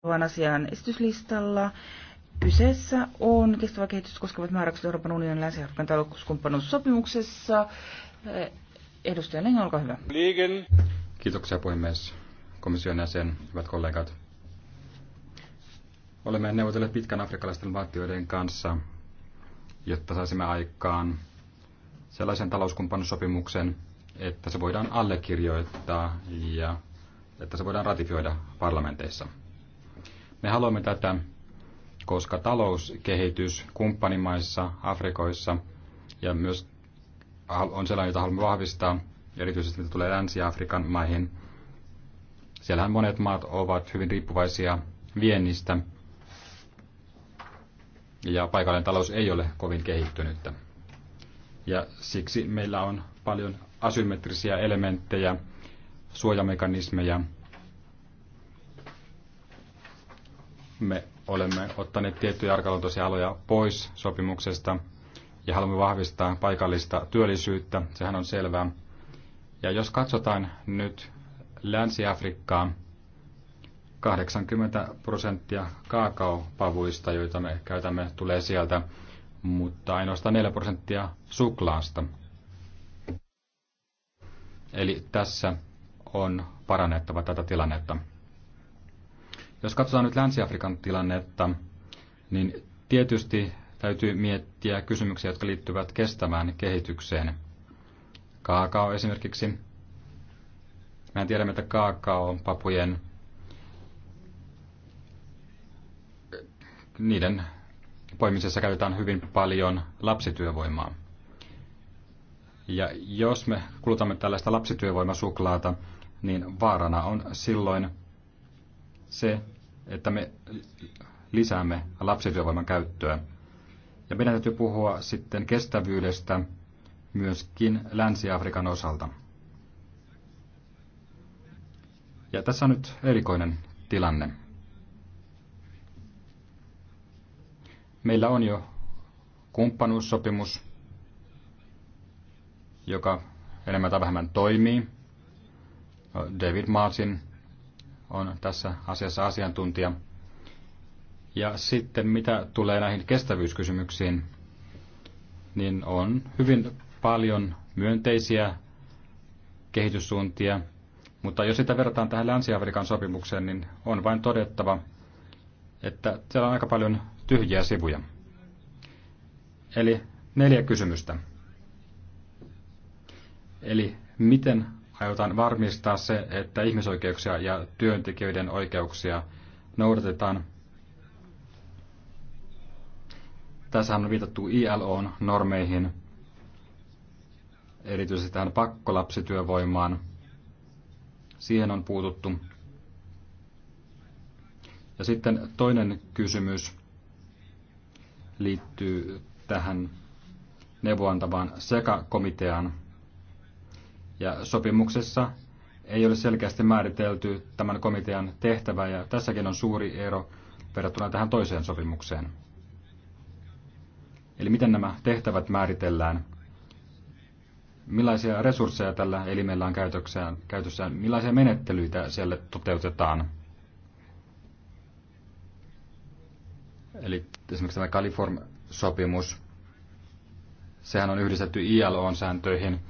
seuraavan asian esityslistalla. Kyseessä on kestävä kehitys koskevat määräykset Euroopan unionin länsi-Afrikan talouskumppanuussopimuksessa. Edustaja Lengen, olkaa hyvä. Liigen. Kiitoksia puhemies, komission jäsen, hyvät kollegat. Olemme neuvotelleet pitkän afrikkalaisten valtioiden kanssa, jotta saisimme aikaan sellaisen talouskumppanuussopimuksen, että se voidaan allekirjoittaa ja että se voidaan ratifioida parlamenteissa. Me haluamme tätä, koska talouskehitys kumppanimaissa, Afrikoissa ja myös on sellainen, jota haluamme vahvistaa, erityisesti mitä tulee Länsi-Afrikan maihin. Siellähän monet maat ovat hyvin riippuvaisia viennistä ja paikallinen talous ei ole kovin kehittynyttä. Ja siksi meillä on paljon asymmetrisiä elementtejä, suojamekanismeja, me olemme ottaneet tiettyjä arkaluontoisia aloja pois sopimuksesta ja haluamme vahvistaa paikallista työllisyyttä, sehän on selvää. Ja jos katsotaan nyt Länsi-Afrikkaa, 80 prosenttia kaakaopavuista, joita me käytämme, tulee sieltä, mutta ainoastaan 4 prosenttia suklaasta. Eli tässä on parannettava tätä tilannetta. Jos katsotaan nyt Länsi-Afrikan tilannetta, niin tietysti täytyy miettiä kysymyksiä, jotka liittyvät kestävään kehitykseen. Kaakao esimerkiksi. Mehän tiedämme, että kaakao on papujen niiden poimisessa käytetään hyvin paljon lapsityövoimaa. Ja jos me kulutamme tällaista lapsityövoimasuklaata, niin vaarana on silloin se, että me lisäämme lapsityövoiman käyttöä. Ja meidän täytyy puhua sitten kestävyydestä myöskin Länsi-Afrikan osalta. Ja tässä on nyt erikoinen tilanne. Meillä on jo kumppanuussopimus, joka enemmän tai vähemmän toimii. David Marsin on tässä asiassa asiantuntija. Ja sitten mitä tulee näihin kestävyyskysymyksiin, niin on hyvin paljon myönteisiä kehityssuuntia, mutta jos sitä verrataan tähän Länsi-Afrikan sopimukseen, niin on vain todettava, että siellä on aika paljon tyhjiä sivuja. Eli neljä kysymystä. Eli miten aiotaan varmistaa se, että ihmisoikeuksia ja työntekijöiden oikeuksia noudatetaan. Tässä on viitattu ILOn normeihin, erityisesti tähän pakkolapsityövoimaan. Siihen on puututtu. Ja sitten toinen kysymys liittyy tähän neuvoantavaan sekakomiteaan, ja sopimuksessa ei ole selkeästi määritelty tämän komitean tehtävää, ja tässäkin on suuri ero verrattuna tähän toiseen sopimukseen. Eli miten nämä tehtävät määritellään? Millaisia resursseja tällä elimellä on käytössään, Millaisia menettelyitä siellä toteutetaan? Eli esimerkiksi tämä kaliform sopimus sehän on yhdistetty ILO-sääntöihin –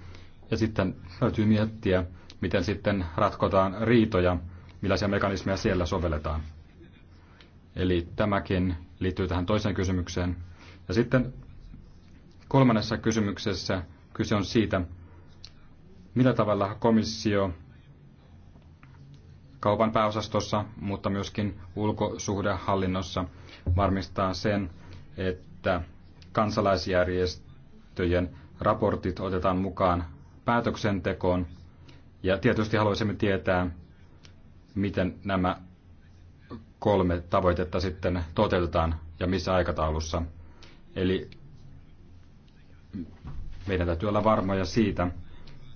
ja sitten täytyy miettiä, miten sitten ratkotaan riitoja, millaisia mekanismeja siellä sovelletaan. Eli tämäkin liittyy tähän toiseen kysymykseen. Ja sitten kolmannessa kysymyksessä kyse on siitä, millä tavalla komissio kaupan pääosastossa, mutta myöskin ulkosuhdehallinnossa varmistaa sen, että kansalaisjärjestöjen raportit otetaan mukaan päätöksentekoon. Ja tietysti haluaisimme tietää, miten nämä kolme tavoitetta sitten toteutetaan ja missä aikataulussa. Eli meidän täytyy olla varmoja siitä,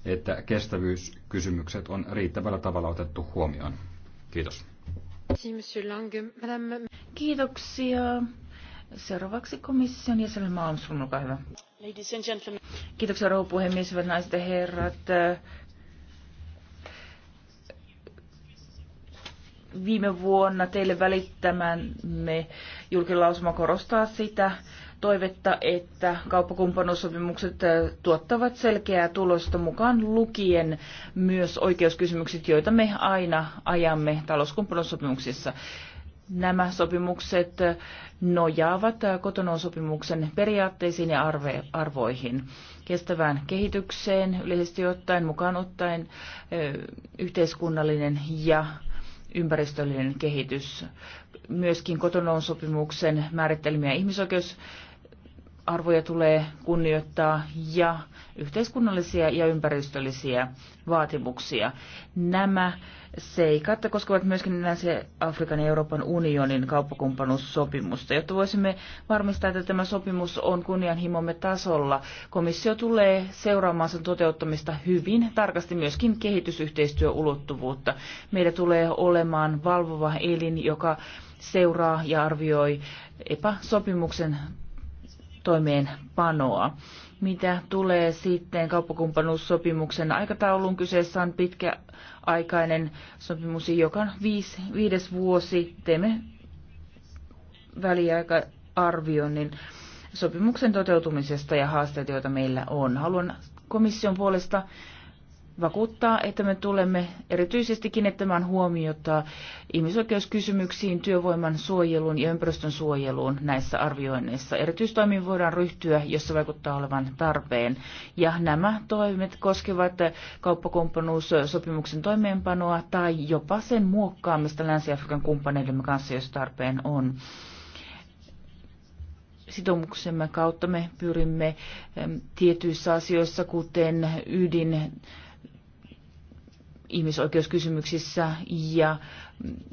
että kestävyyskysymykset on riittävällä tavalla otettu huomioon. Kiitos. Kiitoksia. Seuraavaksi komission jäsen Malmström, olkaa hyvä. Ladies and gentlemen. Kiitoksia rouva puhemies, hyvät naiset ja herrat. Viime vuonna teille välittämämme julkilausuma korostaa sitä toivetta, että kauppakumppanuussopimukset tuottavat selkeää tulosta mukaan lukien myös oikeuskysymykset, joita me aina ajamme talouskumppanuussopimuksissa nämä sopimukset nojaavat kotonon sopimuksen periaatteisiin ja arve, arvoihin, kestävään kehitykseen yleisesti ottaen, mukaan ottaen yhteiskunnallinen ja ympäristöllinen kehitys. Myöskin kotonon sopimuksen määrittelemiä ihmisoikeus arvoja tulee kunnioittaa ja yhteiskunnallisia ja ympäristöllisiä vaatimuksia. Nämä seikat koskevat myöskin Länsi-Afrikan ja Euroopan unionin kauppakumppanuussopimusta. Jotta voisimme varmistaa, että tämä sopimus on kunnianhimomme tasolla, komissio tulee seuraamaan sen toteuttamista hyvin tarkasti myöskin kehitysyhteistyöulottuvuutta. Meillä tulee olemaan valvova elin, joka seuraa ja arvioi epäsopimuksen toimeenpanoa. Mitä tulee sitten kauppakumppanuussopimuksen aikataulun, kyseessä on pitkäaikainen sopimus, joka viis, viides vuosi teemme väliaikaarvioinnin sopimuksen toteutumisesta ja haasteet, joita meillä on. Haluan komission puolesta vakuuttaa, että me tulemme erityisesti kiinnittämään huomiota ihmisoikeuskysymyksiin, työvoiman suojeluun ja ympäristön suojeluun näissä arvioinneissa. Erityistoimiin voidaan ryhtyä, jos se vaikuttaa olevan tarpeen. Ja nämä toimet koskevat kauppakumppanuussopimuksen toimeenpanoa tai jopa sen muokkaamista Länsi-Afrikan kumppaneidemme kanssa, jos tarpeen on. Sitoumuksemme kautta me pyrimme tietyissä asioissa, kuten ydin ihmisoikeuskysymyksissä ja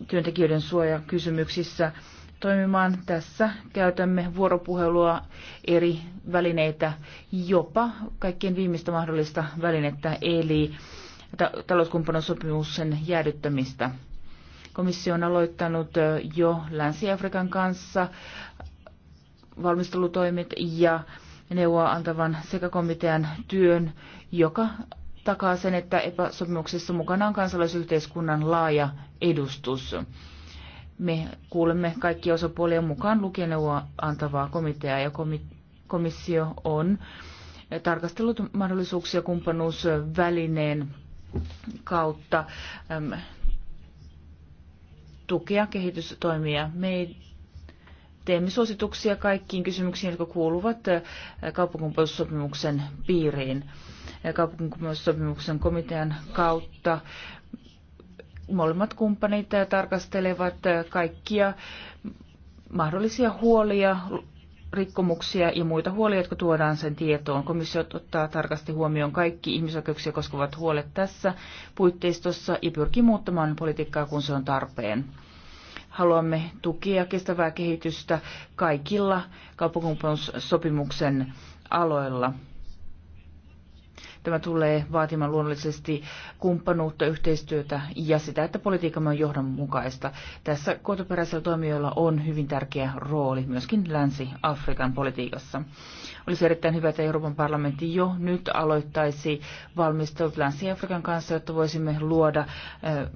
työntekijöiden suojakysymyksissä toimimaan. Tässä käytämme vuoropuhelua eri välineitä, jopa kaikkien viimeistä mahdollista välinettä, eli sopimus sen jäädyttämistä. Komissio on aloittanut jo Länsi-Afrikan kanssa valmistelutoimet ja neuvoa antavan sekä komitean työn, joka takaa sen, että epäsopimuksessa mukana on kansalaisyhteiskunnan laaja edustus. Me kuulemme kaikki osapuolia mukaan lukeneuvoa antavaa komiteaa ja komissio on tarkastellut mahdollisuuksia kumppanuusvälineen kautta tukea kehitystoimia. Meidän teemme suosituksia kaikkiin kysymyksiin, jotka kuuluvat äh, kaupunkimuotoilussopimuksen piiriin. Äh, kaupunkimuotoilussopimuksen komitean kautta molemmat kumppanit äh, tarkastelevat kaikkia mahdollisia huolia, rikkomuksia ja muita huolia, jotka tuodaan sen tietoon. Komissio ottaa tarkasti huomioon kaikki ihmisoikeuksia koskevat huolet tässä puitteistossa ja pyrkii muuttamaan politiikkaa, kun se on tarpeen haluamme tukea kestävää kehitystä kaikilla kaupunkimussopimuksen aloilla. Tämä tulee vaatimaan luonnollisesti kumppanuutta, yhteistyötä ja sitä, että politiikamme on johdonmukaista. Tässä kotoperäisellä toimijoilla on hyvin tärkeä rooli myöskin Länsi-Afrikan politiikassa. Olisi erittäin hyvä, että Euroopan parlamentti jo nyt aloittaisi valmistelut Länsi-Afrikan kanssa, jotta voisimme luoda eh,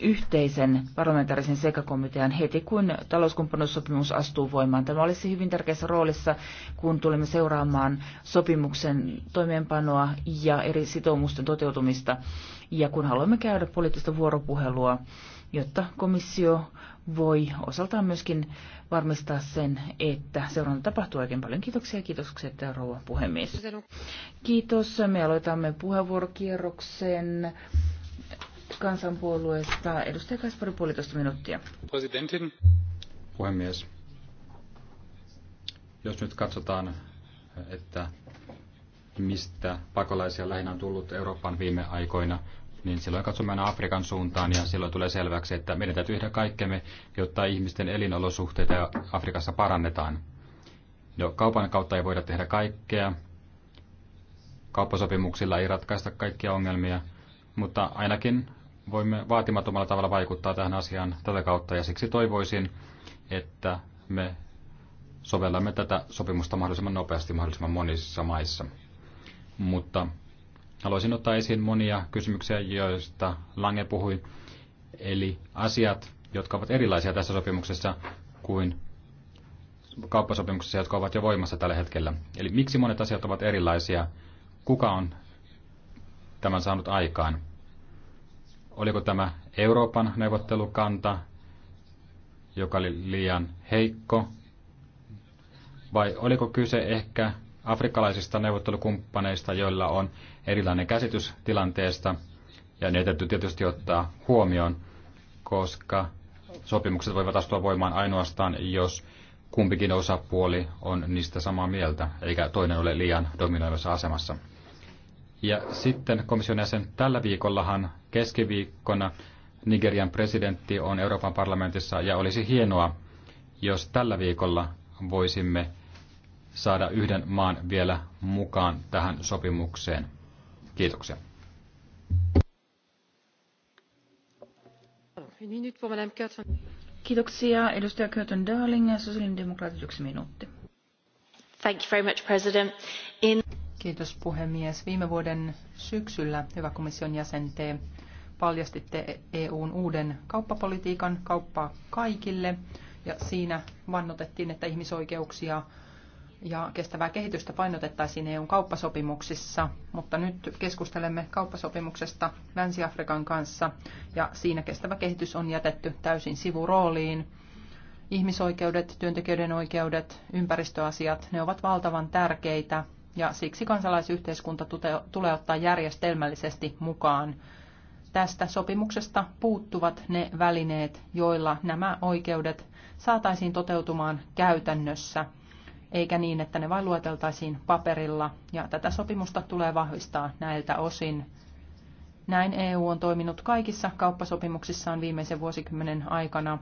yhteisen parlamentaarisen sekakomitean heti, kun talouskumppanuussopimus astuu voimaan. Tämä olisi hyvin tärkeässä roolissa, kun tulemme seuraamaan sopimuksen toimeenpanoa ja eri sitoumusten toteutumista, ja kun haluamme käydä poliittista vuoropuhelua, jotta komissio voi osaltaan myöskin varmistaa sen, että seuranta tapahtuu oikein paljon. Kiitoksia ja että rouva puhemies. Kiitos. Me aloitamme puheenvuorokierroksen kansanpuolueesta. Edustaja Kaspari, puolitoista minuuttia. Presidentin. Puhemies. Jos nyt katsotaan, että mistä pakolaisia lähinnä on tullut Euroopan viime aikoina, niin silloin katsomme aina Afrikan suuntaan ja silloin tulee selväksi, että meidän täytyy tehdä kaikkemme, jotta ihmisten elinolosuhteita Afrikassa parannetaan. No, kaupan kautta ei voida tehdä kaikkea. Kauppasopimuksilla ei ratkaista kaikkia ongelmia, mutta ainakin voimme vaatimattomalla tavalla vaikuttaa tähän asiaan tätä kautta ja siksi toivoisin, että me sovellamme tätä sopimusta mahdollisimman nopeasti mahdollisimman monissa maissa. Mutta haluaisin ottaa esiin monia kysymyksiä, joista Lange puhui, eli asiat, jotka ovat erilaisia tässä sopimuksessa kuin kauppasopimuksessa, jotka ovat jo voimassa tällä hetkellä. Eli miksi monet asiat ovat erilaisia? Kuka on tämän saanut aikaan? Oliko tämä Euroopan neuvottelukanta, joka oli liian heikko, vai oliko kyse ehkä afrikkalaisista neuvottelukumppaneista, joilla on erilainen käsitys tilanteesta, ja ne täytyy tietysti ottaa huomioon, koska sopimukset voivat astua voimaan ainoastaan, jos kumpikin osapuoli on niistä samaa mieltä, eikä toinen ole liian dominoivassa asemassa. Ja sitten komission jäsen tällä viikollahan keskiviikkona Nigerian presidentti on Euroopan parlamentissa ja olisi hienoa, jos tällä viikolla voisimme saada yhden maan vielä mukaan tähän sopimukseen. Kiitoksia. Kiitoksia. Edustaja Curtin Darling, sosiaalidemokraatit yksi minuutti. Thank you very much, President. In... Kiitos puhemies. Viime vuoden syksyllä, hyvä komission jäsen, te paljastitte EUn uuden kauppapolitiikan, kauppaa kaikille, ja siinä vannotettiin, että ihmisoikeuksia ja kestävää kehitystä painotettaisiin EUn kauppasopimuksissa, mutta nyt keskustelemme kauppasopimuksesta Länsi-Afrikan kanssa, ja siinä kestävä kehitys on jätetty täysin sivurooliin. Ihmisoikeudet, työntekijöiden oikeudet, ympäristöasiat, ne ovat valtavan tärkeitä ja siksi kansalaisyhteiskunta tulee ottaa järjestelmällisesti mukaan. Tästä sopimuksesta puuttuvat ne välineet, joilla nämä oikeudet saataisiin toteutumaan käytännössä, eikä niin, että ne vain lueteltaisiin paperilla, ja tätä sopimusta tulee vahvistaa näiltä osin. Näin EU on toiminut kaikissa kauppasopimuksissaan viimeisen vuosikymmenen aikana,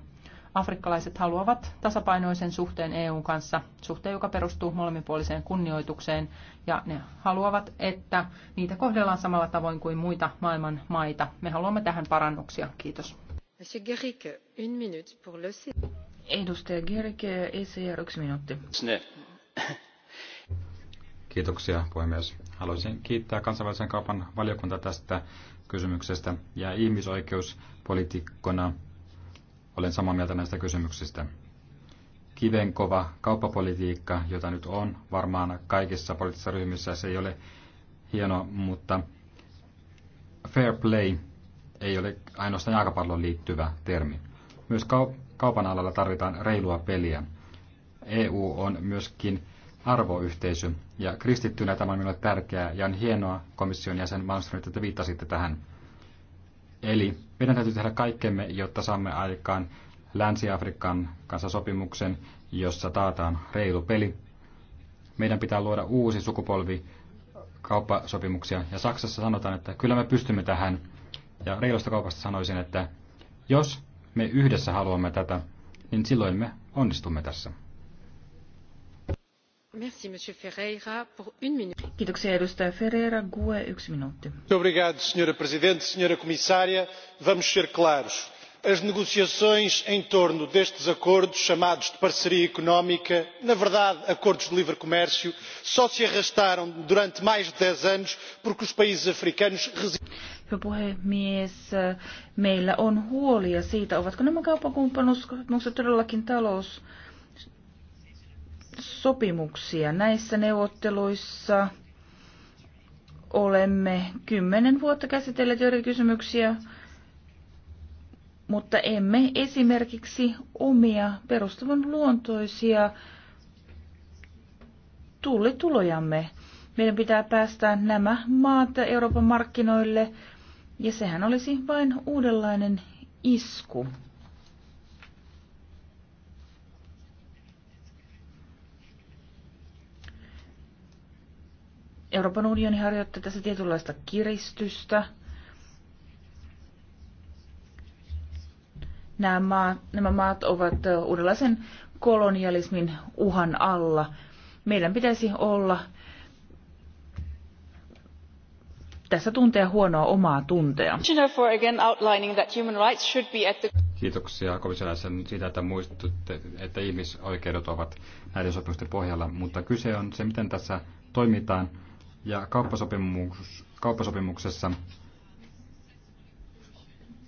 Afrikkalaiset haluavat tasapainoisen suhteen EUn kanssa, suhteen, joka perustuu molemminpuoliseen kunnioitukseen, ja ne haluavat, että niitä kohdellaan samalla tavoin kuin muita maailman maita. Me haluamme tähän parannuksia. Kiitos. Edustaja Gerike, ECR, yksi minuutti. Kiitoksia, puhemies. Haluaisin kiittää kansainvälisen kaupan valiokunta tästä kysymyksestä ja ihmisoikeuspolitiikkona olen samaa mieltä näistä kysymyksistä. Kivenkova kauppapolitiikka, jota nyt on varmaan kaikissa poliittisissa ryhmissä, se ei ole hieno, mutta fair play ei ole ainoastaan jalkapalloon liittyvä termi. Myös kaupan alalla tarvitaan reilua peliä. EU on myöskin arvoyhteisö, ja kristittynä tämä on minulle tärkeää, ja on hienoa komission jäsen Malmström, että te viittasitte tähän. Eli meidän täytyy tehdä kaikkemme, jotta saamme aikaan Länsi-Afrikan kanssa sopimuksen, jossa taataan reilu peli. Meidän pitää luoda uusi sukupolvi kauppasopimuksia. Ja Saksassa sanotaan, että kyllä me pystymme tähän. Ja reilusta kaupasta sanoisin, että jos me yhdessä haluamme tätä, niin silloin me onnistumme tässä. Merci, Ferreira, senhora presidente, senhora comissária. Vamos ser claros. As negociações em torno destes acordos, chamados de parceria económica, na verdade acordos de livre comércio, só se arrastaram durante mais de dez anos porque os países africanos Hyvä puhemies, meillä on huolia siitä, ovatko nämä kauppakumppanuussopimukset todellakin talous sopimuksia. Näissä neuvotteluissa olemme kymmenen vuotta käsitelleet joiden kysymyksiä, mutta emme esimerkiksi omia perustavan luontoisia tullitulojamme. Meidän pitää päästä nämä maat Euroopan markkinoille, ja sehän olisi vain uudenlainen isku Euroopan unioni harjoittaa tässä tietynlaista kiristystä. Nämä maat, nämä maat ovat uudenlaisen kolonialismin uhan alla. Meidän pitäisi olla tässä tuntea huonoa omaa tuntea. Kiitoksia komissiolaisen siitä, että muistutte, että ihmisoikeudet ovat näiden sopimusten pohjalla, mutta kyse on se, miten tässä toimitaan. Ja kauppasopimus, kauppasopimuksessa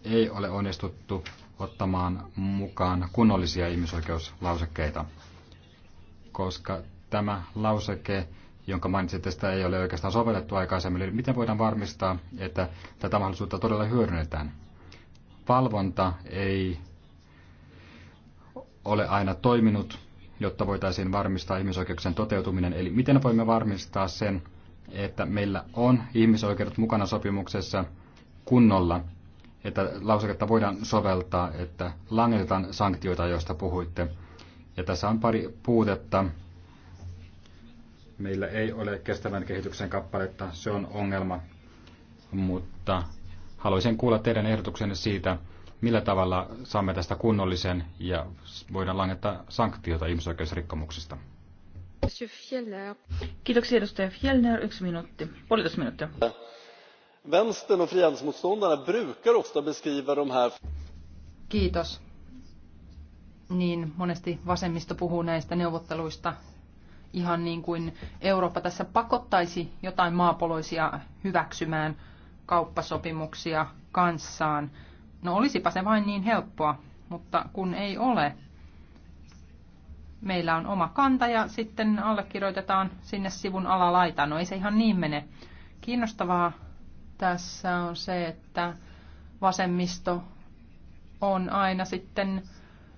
ei ole onnistuttu ottamaan mukaan kunnollisia ihmisoikeuslausekkeita, koska tämä lauseke, jonka mainitsitte, sitä ei ole oikeastaan sovellettu aikaisemmin. Eli miten voidaan varmistaa, että tätä mahdollisuutta todella hyödynnetään? Valvonta ei ole aina toiminut, jotta voitaisiin varmistaa ihmisoikeuksien toteutuminen. Eli miten voimme varmistaa sen, että meillä on ihmisoikeudet mukana sopimuksessa kunnolla, että lauseketta voidaan soveltaa, että langetetaan sanktioita, joista puhuitte. Ja tässä on pari puutetta. Meillä ei ole kestävän kehityksen kappaletta, se on ongelma. Mutta haluaisin kuulla teidän ehdotuksenne siitä, millä tavalla saamme tästä kunnollisen ja voidaan langettaa sanktiota ihmisoikeusrikkomuksista. Kiitoksia edustaja Fjellner. Yksi minuutti. Puolitoista minuuttia. Vänstern och frihandelsmotståndarna brukar ofta beskriva de här... Kiitos. Niin, monesti vasemmisto puhuu näistä neuvotteluista ihan niin kuin Eurooppa tässä pakottaisi jotain maapoloisia hyväksymään kauppasopimuksia kanssaan. No olisipa se vain niin helppoa, mutta kun ei ole, meillä on oma kanta ja sitten allekirjoitetaan sinne sivun alalaitaan. No ei se ihan niin mene. Kiinnostavaa tässä on se, että vasemmisto on aina sitten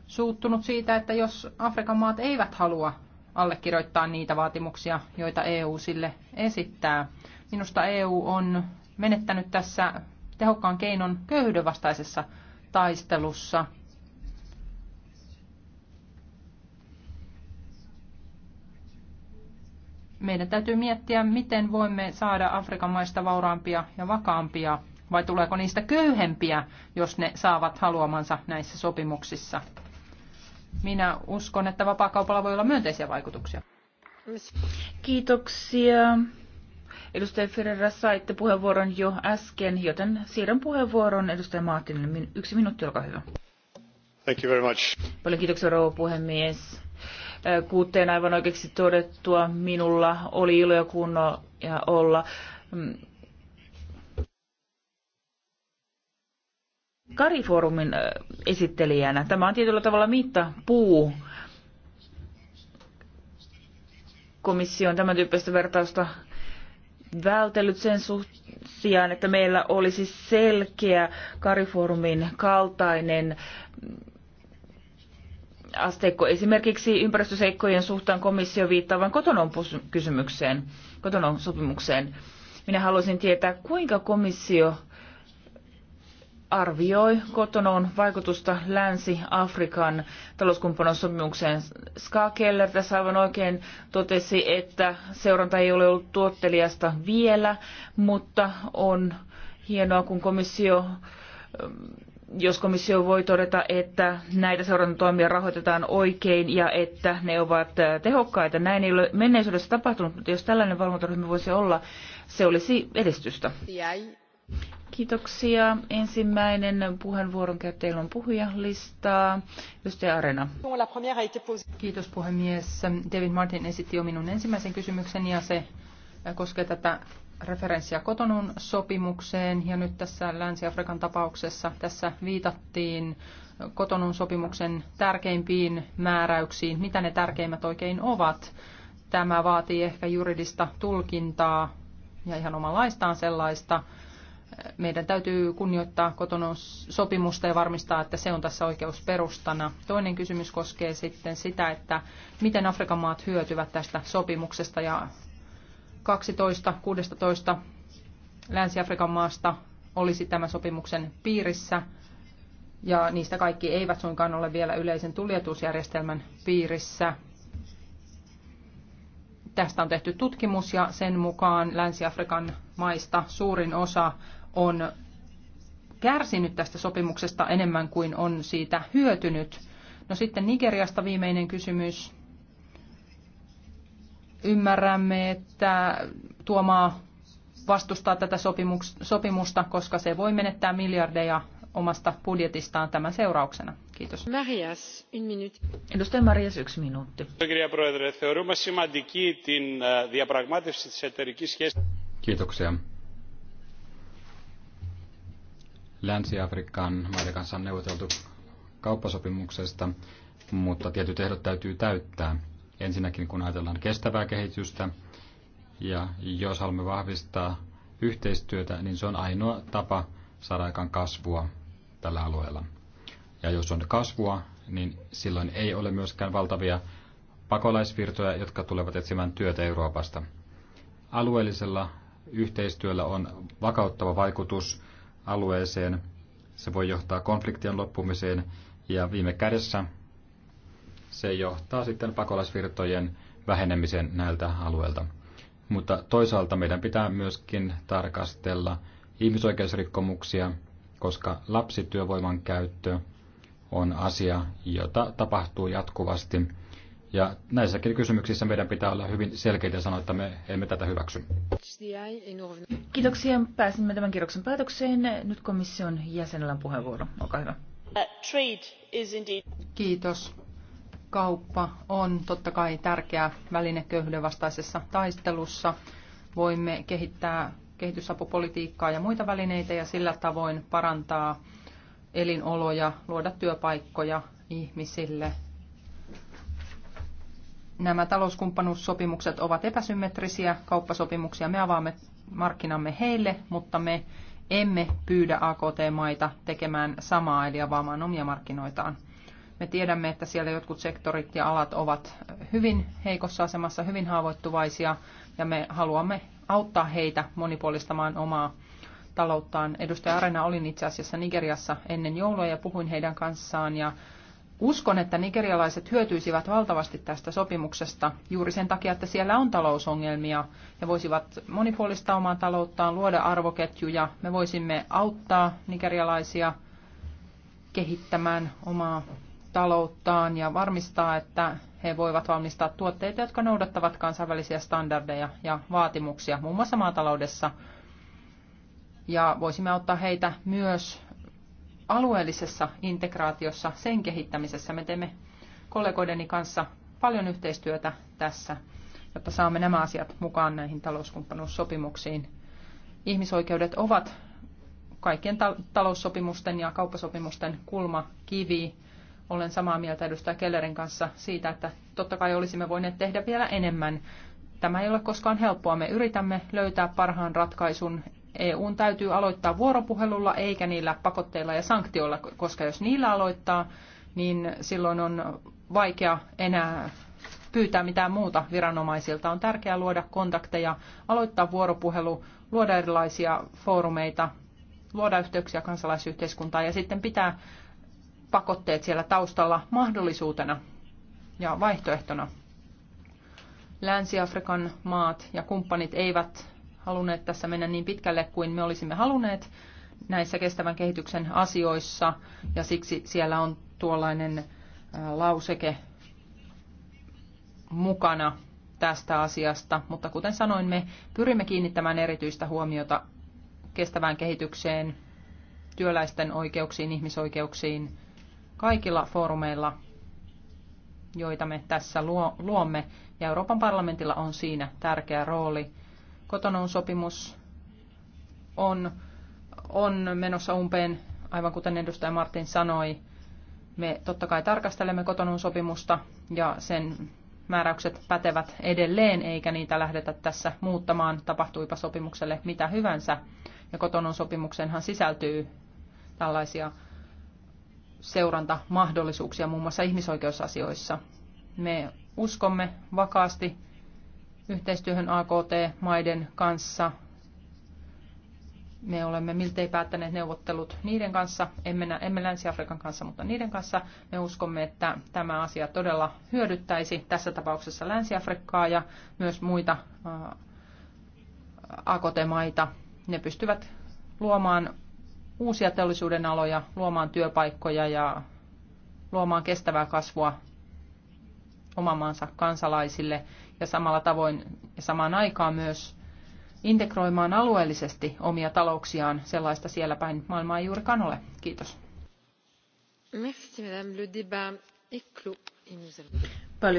suuttunut siitä, että jos Afrikan maat eivät halua allekirjoittaa niitä vaatimuksia, joita EU sille esittää. Minusta EU on menettänyt tässä tehokkaan keinon köyhyyden taistelussa meidän täytyy miettiä, miten voimme saada Afrikan maista vauraampia ja vakaampia, vai tuleeko niistä köyhempiä, jos ne saavat haluamansa näissä sopimuksissa. Minä uskon, että vapaakaupalla voi olla myönteisiä vaikutuksia. Kiitoksia. Edustaja Ferreira, saitte puheenvuoron jo äsken, joten siirrän puheenvuoron edustaja Maattinen. Yksi minuutti, olkaa hyvä. Thank Paljon kiitoksia rouva puhemies. Äh, Kuutteen aivan oikeaksi todettua minulla oli ilo ja kunno ja olla 4 mm, Kariforumin äh, esittelijänä. Tämä on tietyllä tavalla mittapuu. Komissio on tämän tyyppistä vertausta vältellyt sen sijaan, että meillä olisi selkeä Kariforumin kaltainen mm, asteikko esimerkiksi ympäristöseikkojen suhtaan komissio viittaa vain kotonon kysymykseen, kotonon sopimukseen. Minä haluaisin tietää, kuinka komissio arvioi kotonon vaikutusta Länsi-Afrikan talouskumppanuussopimukseen. Ska Keller tässä aivan oikein totesi, että seuranta ei ole ollut tuottelijasta vielä, mutta on hienoa, kun komissio jos komissio voi todeta, että näitä seurantatoimia rahoitetaan oikein ja että ne ovat äh, tehokkaita. Näin ei ole menneisyydessä tapahtunut, mutta jos tällainen valvontaryhmä voisi olla, se olisi edistystä. Kiitoksia. Ensimmäinen puheenvuoron käyttäjillä on puhujalistaa. Ystä Arena. Kiitos puhemies. David Martin esitti jo minun ensimmäisen kysymyksen ja se koskee tätä referenssiä kotonun sopimukseen ja nyt tässä Länsi-Afrikan tapauksessa tässä viitattiin kotonun sopimuksen tärkeimpiin määräyksiin, mitä ne tärkeimmät oikein ovat. Tämä vaatii ehkä juridista tulkintaa ja ihan omanlaistaan sellaista. Meidän täytyy kunnioittaa kotonun sopimusta ja varmistaa, että se on tässä oikeusperustana. Toinen kysymys koskee sitten sitä, että miten Afrikan maat hyötyvät tästä sopimuksesta ja 12, 16 Länsi-Afrikan maasta olisi tämän sopimuksen piirissä, ja niistä kaikki eivät suinkaan ole vielä yleisen tuljetusjärjestelmän piirissä. Tästä on tehty tutkimus, ja sen mukaan Länsi-Afrikan maista suurin osa on kärsinyt tästä sopimuksesta enemmän kuin on siitä hyötynyt. No sitten Nigeriasta viimeinen kysymys. Ymmärrämme, että tuo maa vastustaa tätä sopimusta, koska se voi menettää miljardeja omasta budjetistaan tämän seurauksena. Kiitos. Marias, yksi minuutti. Edustaja Marias, yksi minuutti. Kiitoksia. Länsi-Afrikan maiden kanssa on neuvoteltu kauppasopimuksesta, mutta tietyt ehdot täytyy täyttää. Ensinnäkin kun ajatellaan kestävää kehitystä, ja jos haluamme vahvistaa yhteistyötä, niin se on ainoa tapa saada aikaan kasvua tällä alueella. Ja jos on kasvua, niin silloin ei ole myöskään valtavia pakolaisvirtoja, jotka tulevat etsimään työtä Euroopasta. Alueellisella yhteistyöllä on vakauttava vaikutus alueeseen. Se voi johtaa konfliktien loppumiseen ja viime kädessä se johtaa sitten pakolaisvirtojen vähenemiseen näiltä alueilta. Mutta toisaalta meidän pitää myöskin tarkastella ihmisoikeusrikkomuksia, koska lapsityövoiman käyttö on asia, jota tapahtuu jatkuvasti. Ja näissäkin kysymyksissä meidän pitää olla hyvin selkeitä ja sanoa, että me emme tätä hyväksy. Kiitoksia. Pääsimme tämän kierroksen päätökseen. Nyt komission jäsenellä on puheenvuoro. Olkaa hyvä. Kiitos. Kauppa on totta kai tärkeä väline köyhyyden vastaisessa taistelussa. Voimme kehittää kehitysapupolitiikkaa ja muita välineitä ja sillä tavoin parantaa elinoloja, luoda työpaikkoja ihmisille. Nämä talouskumppanuussopimukset ovat epäsymmetrisiä kauppasopimuksia. Me avaamme markkinamme heille, mutta me emme pyydä AKT-maita tekemään samaa eli avaamaan omia markkinoitaan. Me tiedämme, että siellä jotkut sektorit ja alat ovat hyvin heikossa asemassa, hyvin haavoittuvaisia, ja me haluamme auttaa heitä monipuolistamaan omaa talouttaan. Edustaja Arena olin itse asiassa Nigeriassa ennen joulua ja puhuin heidän kanssaan, ja uskon, että nigerialaiset hyötyisivät valtavasti tästä sopimuksesta juuri sen takia, että siellä on talousongelmia ja voisivat monipuolistaa omaa talouttaan, luoda arvoketjuja. Me voisimme auttaa nigerialaisia kehittämään omaa talouttaan ja varmistaa, että he voivat valmistaa tuotteita, jotka noudattavat kansainvälisiä standardeja ja vaatimuksia muun muassa maataloudessa. Ja voisimme auttaa heitä myös alueellisessa integraatiossa, sen kehittämisessä. Me teemme kollegoideni kanssa paljon yhteistyötä tässä, jotta saamme nämä asiat mukaan näihin talouskumppanuussopimuksiin. Ihmisoikeudet ovat kaikkien ta- taloussopimusten ja kauppasopimusten kulmakivi. Olen samaa mieltä edustaja Kellerin kanssa siitä, että totta kai olisimme voineet tehdä vielä enemmän. Tämä ei ole koskaan helppoa. Me yritämme löytää parhaan ratkaisun. EUn täytyy aloittaa vuoropuhelulla eikä niillä pakotteilla ja sanktioilla, koska jos niillä aloittaa, niin silloin on vaikea enää pyytää mitään muuta viranomaisilta. On tärkeää luoda kontakteja, aloittaa vuoropuhelu, luoda erilaisia foorumeita, luoda yhteyksiä kansalaisyhteiskuntaan ja sitten pitää pakotteet siellä taustalla mahdollisuutena ja vaihtoehtona. Länsi-Afrikan maat ja kumppanit eivät halunneet tässä mennä niin pitkälle kuin me olisimme halunneet näissä kestävän kehityksen asioissa, ja siksi siellä on tuollainen lauseke mukana tästä asiasta. Mutta kuten sanoin, me pyrimme kiinnittämään erityistä huomiota kestävään kehitykseen, työläisten oikeuksiin, ihmisoikeuksiin kaikilla foorumeilla, joita me tässä luomme. Ja Euroopan parlamentilla on siinä tärkeä rooli. Kotonon sopimus on, on menossa umpeen, aivan kuten edustaja Martin sanoi. Me totta kai tarkastelemme Kotonon sopimusta ja sen määräykset pätevät edelleen, eikä niitä lähdetä tässä muuttamaan, tapahtuipa sopimukselle mitä hyvänsä. Ja kotonon sopimuksenhan sisältyy tällaisia seurantamahdollisuuksia muun muassa ihmisoikeusasioissa. Me uskomme vakaasti yhteistyöhön AKT-maiden kanssa. Me olemme miltei päättäneet neuvottelut niiden kanssa, emme, emme Länsi-Afrikan kanssa, mutta niiden kanssa. Me uskomme, että tämä asia todella hyödyttäisi tässä tapauksessa Länsi-Afrikkaa ja myös muita AKT-maita. Ne pystyvät luomaan uusia teollisuuden aloja, luomaan työpaikkoja ja luomaan kestävää kasvua oman maansa kansalaisille ja samalla tavoin ja samaan aikaan myös integroimaan alueellisesti omia talouksiaan. Sellaista siellä päin maailmaa ei juurikaan ole. Kiitos. Merci, madame. Le débat est clos.